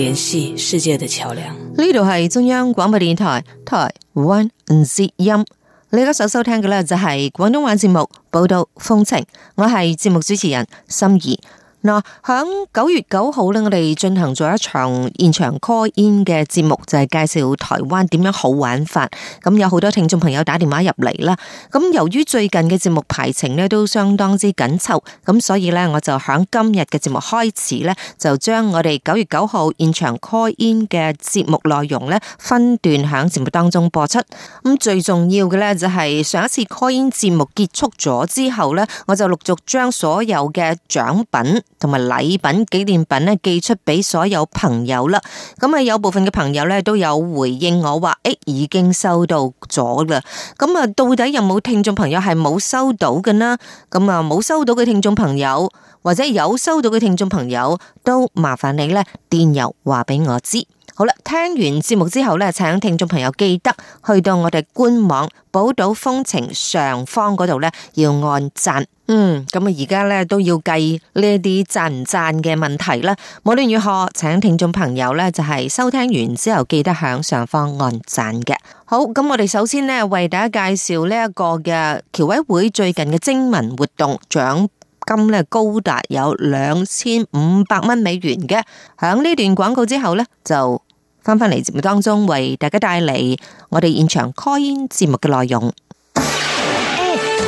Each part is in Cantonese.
聯繫世界的橋樑，呢度係中央廣播電台台灣之音，你而家所收聽嘅咧就係廣東話節目報道風情，我係節目主持人心儀。.嗱，響九月九號咧，我哋進行咗一場現場 call in 嘅節目，就係介紹台灣點樣好玩法。咁有好多聽眾朋友打電話入嚟啦。咁由於最近嘅節目排程咧都相當之緊湊，咁所以咧我就響今日嘅節目開始咧，就將我哋九月九號現場 call in 嘅節目內容咧分段響節目當中播出。咁最重要嘅咧就係上一次 call in 節目結束咗之後咧，我就陸續將所有嘅獎品。同埋禮品紀念品咧寄出俾所有朋友啦，咁啊，有部分嘅朋友咧都有回應我話，誒、哎、已經收到咗啦，咁啊到底有冇聽眾朋友係冇收到嘅呢？咁啊冇收到嘅聽眾朋友，或者有收到嘅聽眾朋友，都麻煩你咧電郵話俾我知。好了，聽完節目之後呢，請聽眾朋友記得去到我們官網寶島風情上方那裡呢要按讚。嗯，咁啊，而家咧都要計這些讚唔讚的問題啦。無論如何，請聽眾朋友呢就是收聽完之後記得向上方按讚的。好，那我們首先呢為大家介紹這個的僑委會最近的徵文活動獎。金咧高達有兩千五百蚊美元嘅，喺呢段廣告之後咧，就翻翻嚟節目當中為大家帶嚟我哋現場 Call-in 節目嘅內容。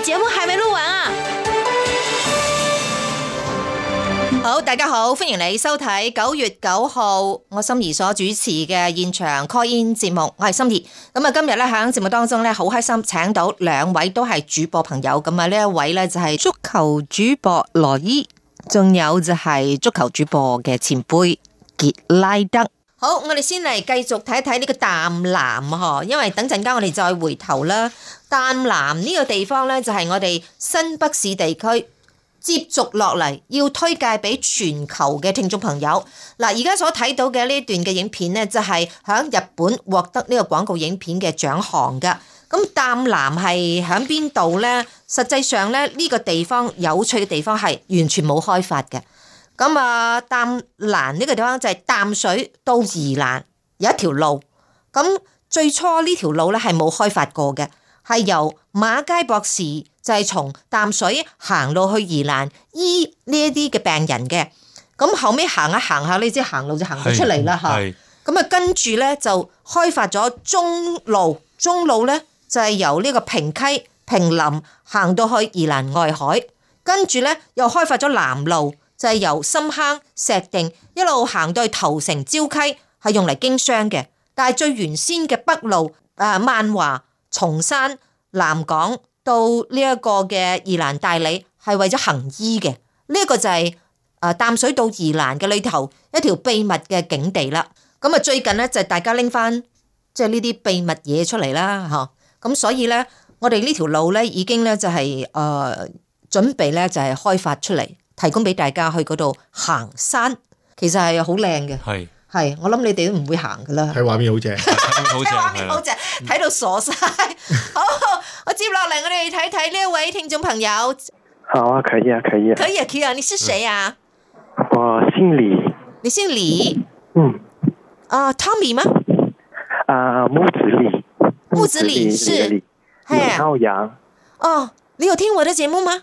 節目還未錄啊！好，大家好，歡迎你收睇九月九號我心怡所主持嘅現場開 n 節目，我係心怡。咁啊，今日咧響節目當中咧好開心，請到兩位都係主播朋友。咁啊，呢一位咧就係足球主播羅伊，仲有就係足球主播嘅前輩傑拉德。好，我哋先嚟繼續睇一睇呢個淡藍呵，因為等陣間我哋再回頭啦。淡蘭呢個地方咧，就係我哋新北市地區接續落嚟要推介俾全球嘅聽眾朋友嗱。而家所睇到嘅呢段嘅影片咧，就係喺日本獲得呢個廣告影片嘅獎項嘅。咁淡蘭係喺邊度呢？實際上咧，呢個地方有趣嘅地方係完全冇開發嘅。咁啊，淡蘭呢個地方就係淡水到宜蘭有一條路，咁最初呢條路咧係冇開發過嘅。係由馬偕博士就係、是、從淡水行路去宜蘭醫呢一啲嘅病人嘅，咁後尾行下行下，呢，即行路就行到出嚟啦吓。咁啊，跟住咧就開發咗中路，中路咧就係由呢個平溪坪林行到去宜蘭外海，跟住咧又開發咗南路，就係、是、由深坑石碇一路行到去頭城礁溪，係用嚟經商嘅。但係最原先嘅北路誒，萬、啊、華。松山南港到呢一個嘅宜蘭大里係為咗行醫嘅，呢、這、一個就係誒淡水到宜蘭嘅裏頭一條秘密嘅景地啦。咁啊最近咧就大家拎翻即係呢啲秘密嘢出嚟啦，吓。咁所以咧我哋呢條路咧已經咧就係、是、誒、呃、準備咧就係開發出嚟，提供俾大家去嗰度行山，其實係好靚嘅。係，我諗你哋都唔會行噶啦。睇畫面好正，睇畫面好正，睇到傻晒。好，我接落嚟，我哋睇睇呢一位聽眾朋友。好啊，可以啊，可以。啊。可以啊，可以啊，你是誰啊？我姓李。你姓李。嗯。啊，Tommy 嗎？啊，木子李。木子李是。李浩洋。哦，你有聽我的節目嗎？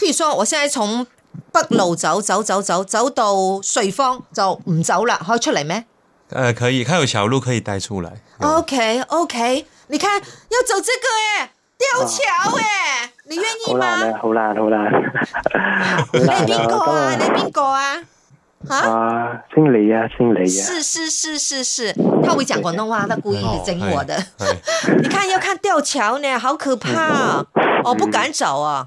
譬如說，我現在從北路走走走走走到瑞芳就唔走了，可以出嚟咩？誒，可以，有條路可以帶出來。OK OK，你看要走這個誒，吊橋誒，你願意嗎？好啦好啦你難。係邊個啊？係邊個啊？啊，姓李啊，姓李啊。是是是是是，他會講廣東話，他故意整我的。你看要看吊橋呢，好可怕，我不敢走啊。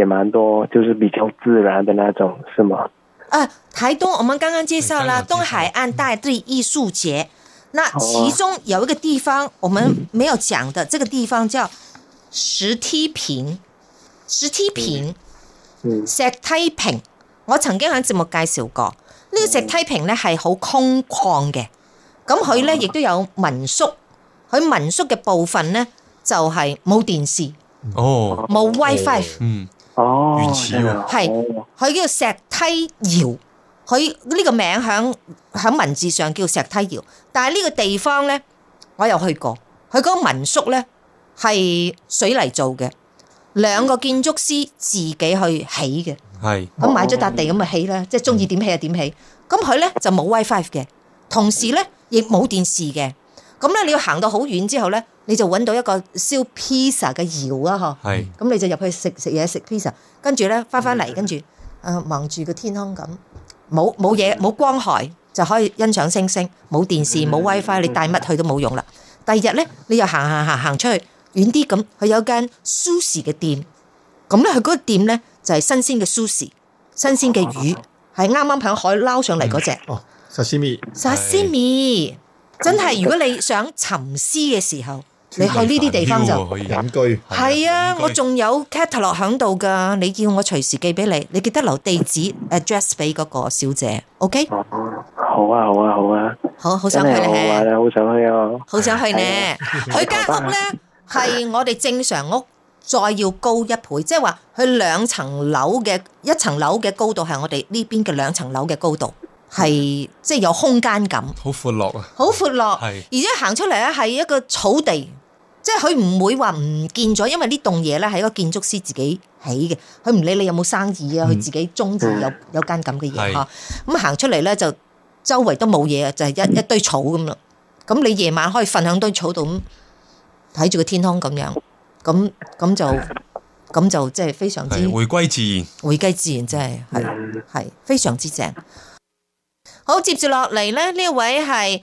也蠻多，就是比較自然的那種，是嗎？呃，台東我們剛剛介紹啦，東，東海岸大地藝術節，嗯、那其中有一個地方我們沒有講的，嗯、這個地方叫石梯坪，石梯坪，嗯、石梯坪，我曾經喺節目介紹過，呢、這個石梯坪咧係好空曠嘅，咁佢咧亦都有民宿，佢民宿嘅部分咧就係冇電視，哦，冇 WiFi，嗯。哦，原始係佢叫石梯窯，佢呢個名響響文字上叫石梯窯，但係呢個地方咧，我又去過，佢嗰個民宿咧係水泥做嘅，兩個建築師自己去起嘅，係咁買咗笪地咁啊起啦，即係中意點起就點起，咁佢咧就冇 WiFi 嘅，同時咧亦冇電視嘅。咁咧，你要行到好遠之後咧，你就揾到一個燒 pizza 嘅窯啊！嗬，咁你就入去食食嘢食 pizza，跟住咧翻翻嚟，跟住誒，望住個天空咁，冇冇嘢冇光害，就可以欣賞星星。冇電視，冇 wifi，你帶乜去都冇用啦。第二日咧，你又行行行行出去遠啲，咁佢有間蘇 e 嘅店，咁咧佢嗰個店咧就係、是、新鮮嘅 s u 蘇 e 新鮮嘅魚，係啱啱響海撈上嚟嗰隻。哦，薩斯薩斯真係，如果你想沉思嘅時候，你去呢啲地方就隱居。係啊，我仲有 catalog 喺度噶，你要我隨時寄俾你，你記得留地址 address 俾嗰個小姐。OK？哦，好啊，好啊，好啊，好好想去咧，好想去啊，好想去咧。佢間屋咧係我哋正常屋再要高一倍，即係話佢兩層樓嘅一層樓嘅高度係我哋呢邊嘅兩層樓嘅高度。係即係有空間感，好闊落啊！好闊落，係是的 而且行出嚟咧，係一個草地，即係佢唔會話唔見咗，因為呢棟嘢咧係一個建築師自己起嘅，佢唔理你有冇生意啊，佢、嗯、自己中意有有間咁嘅嘢呵。咁是的 行出嚟咧，就周圍都冇嘢啊，就係一一堆草咁咯。咁你夜晚可以瞓喺堆草度咁睇住個天空咁樣，咁咁就咁就即係非常之回歸自，自然，回歸自然即係係係非常之正。好，接住落嚟咧，呢一位係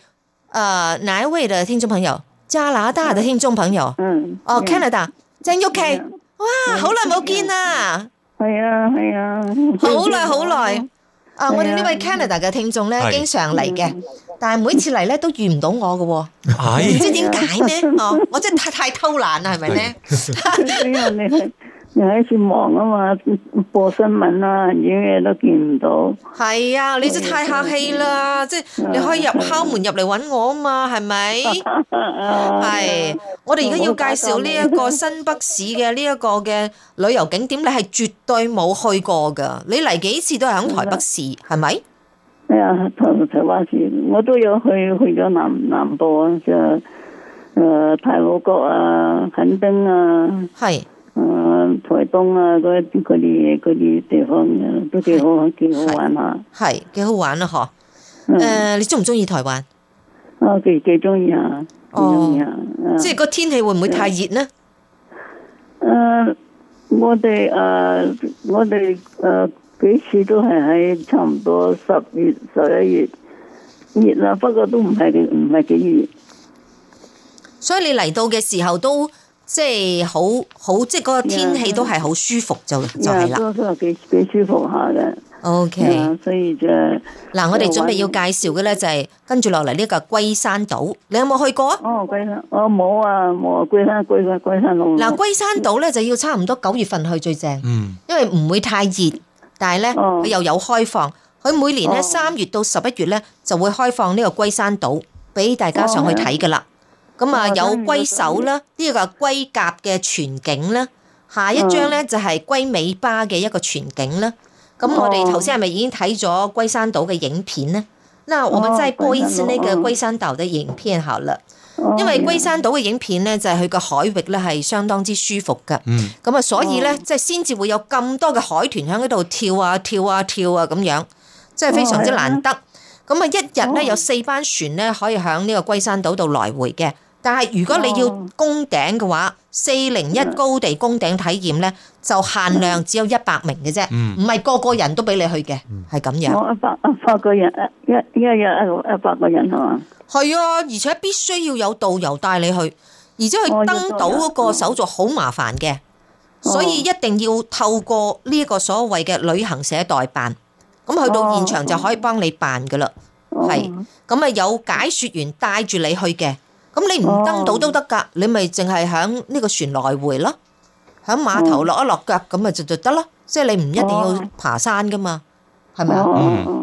誒，哪一位嘅聽眾朋友？加拿大嘅聽眾朋友，嗯，哦，Canada，鄭矞琪，哇，好耐冇見啦，係啊，係啊，好耐好耐，啊，我哋呢位 Canada 嘅聽眾咧，經常嚟嘅，但係每次嚟咧都遇唔到我㗎，唔知點解咧，哦，我真係太太偷懶啦，係咪咧？又喺度忙啊嘛，播新聞啦，啲嘢都見唔到。係啊，你真太客氣啦！即係你可以入敲門入嚟揾我啊嘛，係咪？係。我哋而家要介紹呢一個新北市嘅呢一個嘅旅遊景點，你係絕對冇去過㗎。你嚟幾次都係響台北市，係咪？係啊，台台北市我都有去，去咗南南部啊，即係誒泰武國啊、墾丁啊。係。誒，uh, 台東啊，嗰啲啲地方都幾好，幾是好玩啊。係幾好玩啊。嗬、uh,！誒、uh,，你中唔中意台灣？我幾幾中意啊，幾中意啊！即係個天氣會唔會太熱呢？誒、uh,，uh, 我哋誒，我哋誒幾次都係喺差唔多十月十一月熱啦，不過都唔係幾唔係幾熱。所以你嚟到嘅時候都。即係好好，即係個天氣都係好舒服，就就係啦。啊，都都幾幾舒服下嘅。O K，所以就嗱，我哋準備要介紹嘅咧就係跟住落嚟呢個龜山島，你有冇去過啊？哦，龜山，我冇啊，冇龜山，龜山，龜山島。嗱，龜山島咧就要差唔多九月份去最正，嗯，因為唔會太熱，但係咧佢又有開放，佢每年咧三月到十一月咧就會開放呢個龜山島俾大家上去睇噶啦。咁啊、嗯，有龜首啦，呢、這個龜甲嘅全景啦，下一張咧就係龜尾巴嘅一個全景啦。咁我哋頭先係咪已經睇咗龜山島嘅影片咧？嗱，我們再播一次呢個龜山島嘅影片好了，因為龜山島嘅影片咧就係佢個海域咧係相當之舒服噶咁啊、嗯、所以咧即係先至會有咁多嘅海豚喺嗰度跳啊跳啊跳啊咁樣，即係非常之難得。咁啊一日咧有四班船咧可以喺呢個龜山島度來回嘅。但係如果你要攻頂嘅話，四零一高地攻頂體驗咧，就限量只有一百名嘅啫，唔係個個人都俾你去嘅，係咁樣。我一百一百個人，一一日一一百個人係嘛？係啊，而且必須要有導遊帶你去，而且去登島嗰個手續好麻煩嘅，所以一定要透過呢個所謂嘅旅行社代辦，咁去到現場就可以幫你辦噶啦，係咁啊，有解說員帶住你去嘅。咁你唔登島都得噶，你咪淨係響呢個船來回咯，響碼頭落一落腳，咁咪就就得咯。即係你唔一定要爬山噶嘛，係咪啊？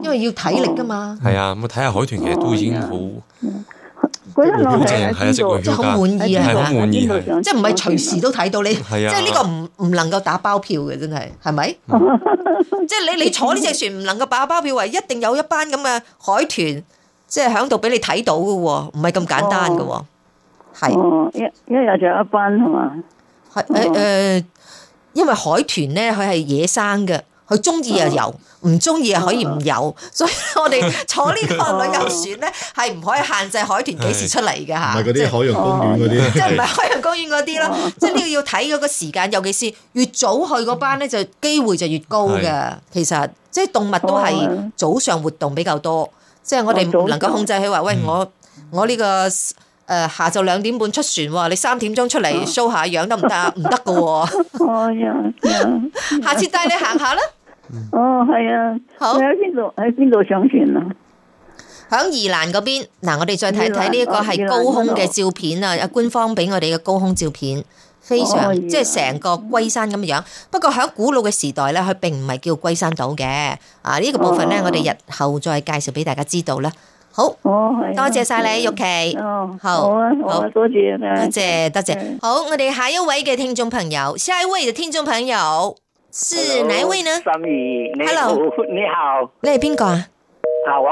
因為要體力噶嘛。係啊，咁睇下海豚其實都已經好，嗰隻我淨係一隻海豚啫，好滿意啊，好滿意啊。即係唔係隨時都睇到你，即係呢個唔唔能夠打包票嘅，真係係咪？即係你你坐呢隻船唔能夠打包票，話一定有一班咁嘅海豚。即係喺度俾你睇到嘅，唔係咁簡單嘅，係一一日仲有一班係嘛？係誒誒，因為海豚咧，佢係野生嘅，佢中意就游，唔中意就可以唔游，所以我哋坐呢個旅遊船咧，係唔可以限制海豚幾時出嚟嘅吓。唔係嗰啲海洋公園嗰啲，即係唔係海洋公園嗰啲咯，即係呢個要睇嗰個時間，尤其是越早去嗰班咧，就機會就越高嘅。其實即係動物都係早上活動比較多。即係我哋唔能夠控制佢話，喂，我我呢、這個誒、呃、下晝兩點半出船，你三點鐘出嚟 show 下樣得唔得啊？唔得噶喎！下次帶你行下啦。哦，係啊。好。喺邊度？喺邊度上船啊？響宜蘭嗰邊嗱，我哋再睇睇呢一個係高空嘅照片啊！官方俾我哋嘅高空照片。非常，即係成個龜山咁嘅樣。不過喺古老嘅時代咧，佢並唔係叫龜山島嘅。啊，呢、這個部分咧，我哋日後再介紹俾大家知道啦。好，多謝晒你矞琪。好，好多謝多謝多謝。好，我哋下一位嘅聽眾朋友，下一位嘅聽眾朋友是哪位呢？三二，你好，你好，你係邊個啊？好，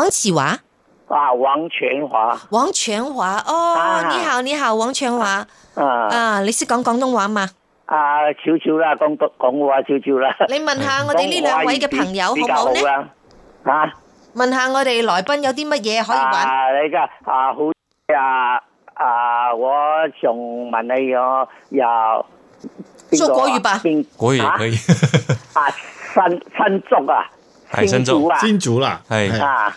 泉泉華。啊，王泉華，王泉華，哦，你好，你好，王泉華，啊，啊，你識講廣東話嘛？啊，少少啦，講講講個話少少啦。你問下我哋呢兩位嘅朋友好唔好咧？吓？問下我哋來賓有啲乜嘢可以玩？啊，依家啊好啊啊，我仲問你有做過月餅？可以可以。啊，新新竹啊，新竹啦，新竹啦，係啊。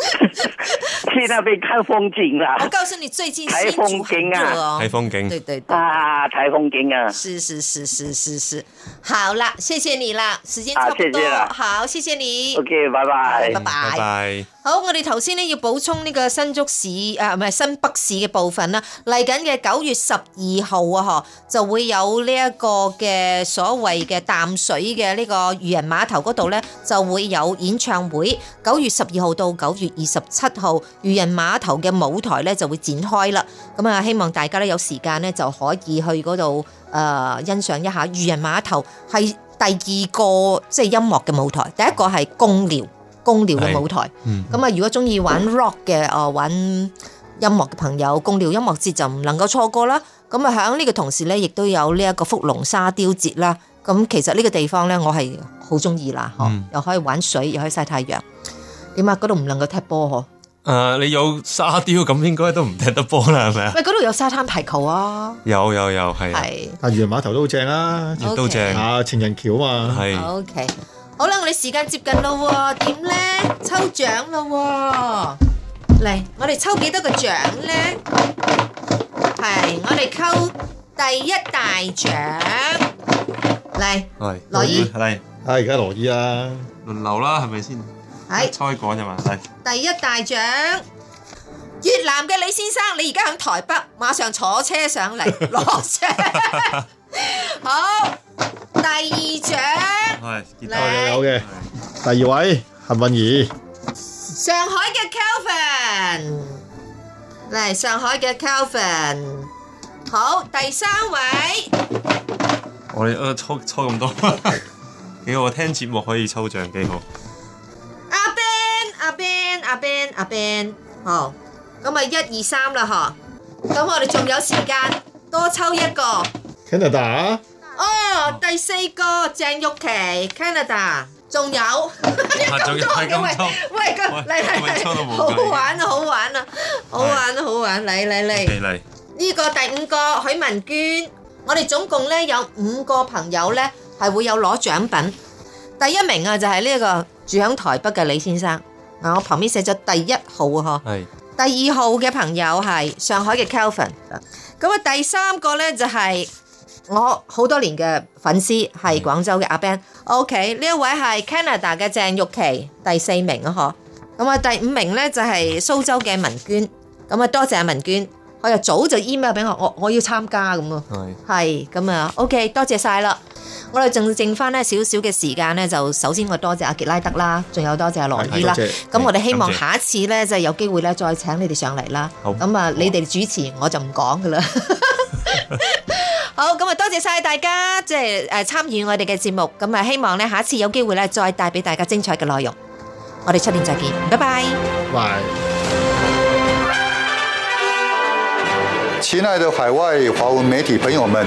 去那邊看風景啦！我告訴你，最近睇風景啊，睇風景，對對對啊，睇風景啊，是是是是是是，好啦，謝謝你啦，時間差唔多，啊，謝謝，好，謝謝你，OK，拜拜，拜拜、嗯，bye bye。好，我哋頭先呢要補充呢個新竹市誒，啊、唔係新北市嘅部分啦，嚟緊嘅九月十二號啊，嗬，就會有呢一個嘅所謂嘅淡水嘅呢個漁人碼頭嗰度咧，就會有演唱會，九月十二號到九月。二十七號漁人碼頭嘅舞台咧就會展開啦，咁啊希望大家咧有時間咧就可以去嗰度誒欣賞一下漁人碼頭係第二個即係音樂嘅舞台，第一個係貢寮，貢寮嘅舞台，咁啊、嗯、如果中意玩 rock 嘅哦玩音樂嘅朋友，貢寮音樂節就唔能夠錯過啦。咁啊響呢個同時咧，亦都有呢一個福隆沙雕節啦。咁其實呢個地方咧，我係好中意啦，又可以玩水，又可以曬太陽。點啊！嗰度唔能夠踢波嗬。誒，你有沙雕咁，應該都唔踢得波啦，係咪啊？喂，嗰度有沙灘排球啊！有有有，係係。啊，漁人碼頭都好正啦，都正啊！情人橋啊嘛，係。OK，好啦，我哋時間接近咯，點咧？抽獎咯，嚟！我哋抽幾多個獎咧？係，我哋抽第一大獎，嚟，羅伊，嚟，係而家羅伊啦，輪流啦，係咪先？係猜講啫嘛，係第一大獎，越南嘅李先生，你而家響台北，馬上坐車上嚟攞獎。好，第二獎，係，幾好嘅，第二位幸運兒，上海嘅 Kelvin，嚟上海嘅 Kelvin，好，第三位，我哋啊抽抽咁多，幾好啊，聽節目可以抽獎，幾好。阿 Ben，阿 Ben，阿 Ben，阿 Ben，哦，咁啊，一二三啦，嗬，咁我哋仲有時間多抽一個 Canada 哦，第四個鄭矞琪 Canada，仲有，一咁多嘅喂，嚟嚟嚟，好玩啊，好玩啊，好玩啊，好玩嚟嚟嚟，嚟呢個第五個許文娟，我哋總共咧有五個朋友咧係會有攞獎品，第一名啊就係呢個。住喺台北嘅李先生，啊，我旁邊寫咗第一號啊，嗬，係第二號嘅朋友係上海嘅 Kelvin，咁啊，第三個咧就係我好多年嘅粉絲係廣州嘅阿 Ben，OK，呢一位係 Canada 嘅鄭玉琪，第四名啊，嗬，咁啊，第五名咧就係蘇州嘅文娟，咁啊，多謝阿文娟，佢又早就 email 俾我，我我要參加，咁啊，係，咁啊，OK，多謝晒啦。我哋仲剩翻咧少少嘅時間咧，就首先我多謝阿杰拉德啦，仲有多謝阿羅伊啦。咁我哋希望下一次咧，即係有機會咧，再請你哋上嚟啦。咁啊，你哋主持我就唔講噶啦。好，咁啊，多謝晒大家即係誒參與我哋嘅節目。咁啊，希望咧下一次有機會咧，再帶俾大家精彩嘅內容。我哋出年再見，拜拜。拜。親愛的海外華文媒體朋友們。